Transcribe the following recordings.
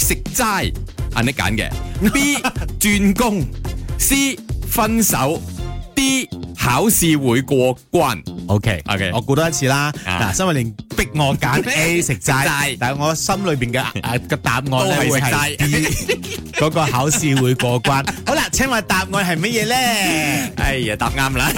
食齋係你揀嘅。 B 轉工，C 分手，D。考試會過關，OK OK，我估多一次啦。嗱，身為你逼我揀 A 食齋，但係我心裏邊嘅誒個答案咧會係 D，嗰個考試會過關。好啦，請問答案係乜嘢咧？哎呀，答啱啦！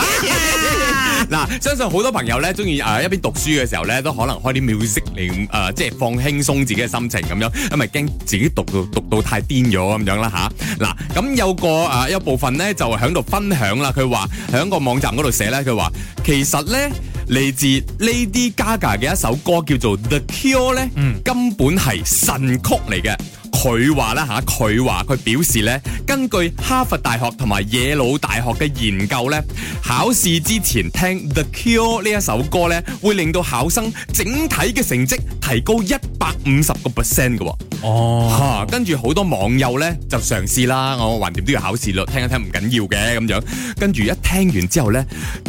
嗱，相信好多朋友咧，中意誒一邊讀書嘅時候咧，都可能開啲 music 嚟誒，即係放輕鬆自己嘅心情咁樣，因為驚自己讀到讀到太癲咗咁樣啦嚇。嗱，咁有個誒一部分咧就喺度分享啦，佢話喺個網。網站嗰度寫咧，佢話其實咧嚟自 Lady Gaga 嘅一首歌叫做 The Cure、嗯《The Cure》咧，根本係神曲嚟嘅。佢話啦嚇，佢話佢表示咧。根據哈佛大學同埋耶魯大學嘅研究咧，考試之前聽 The Cure 呢一首歌咧，會令到考生整體嘅成績提高一百五十個 percent 㗎。哦，跟住好多網友咧就嘗試啦，我橫掂都要考試啦，聽一聽唔緊要嘅咁樣。跟住一聽完之後咧，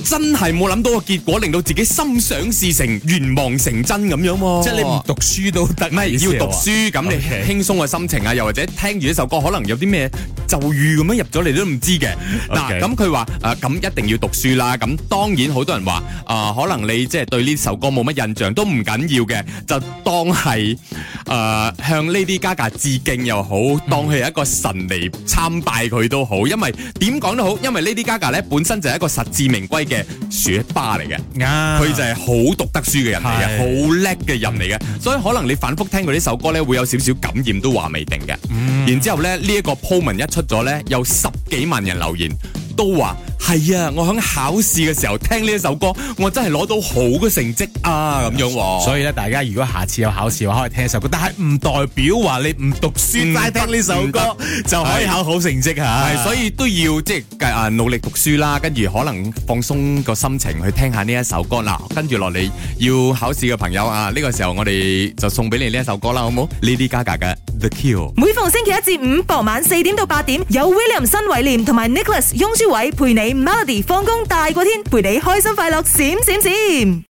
真係冇諗到個結果，令到自己心想事成、願望成真咁樣、哦。即係你唔讀書都得，唔係要讀書咁我你輕鬆嘅心情啊，Okay. 又或者聽完一首歌可能有啲咩？就預咁樣入咗，嚟都唔知嘅。嗱，咁佢話誒咁一定要讀書啦。咁當然好多人話啊、呃、可能你即係對呢首歌冇乜印象，都唔緊要嘅。就當係誒、呃、向 Lady Gaga 致敬又好，當佢係一個神嚟參拜佢都好。因為點講都好，因為 Lady Gaga 咧本身就係一個實至名歸嘅學霸嚟嘅，佢 Yeah. 就係好讀得書嘅人嚟嘅，好叻嘅人嚟嘅。Yeah. 所以可能你反覆聽佢呢首歌咧，會有少少感染都話未定嘅。Mm. 然之後咧，呢、這、一個 po 文一出。咗咧，有十幾萬人留言，都話。係啊，我響考試嘅時候聽呢一首歌，我真係攞到好嘅成績啊咁樣。 所以咧，大家如果下次有考試嘅話，可以聽一首歌。但係唔代表話你唔讀書齋、嗯、聽呢首歌，嗯、就可以考好成績吓，啊。係的的，所以都要即係啊努力讀書啦，跟住可能放鬆個心情去聽下呢一首歌啦。跟住落嚟要考試嘅朋友啊，呢、呢個時候我哋就送俾你呢一首歌啦，好唔好？Lady Gaga 嘅《The Cure》。每逢星期一至五傍晚四點到八點，有 William 新偉廉同埋 Nicholas 翁書偉陪你。Melody 放工大過天，陪你開心快樂閃閃閃。閃閃閃。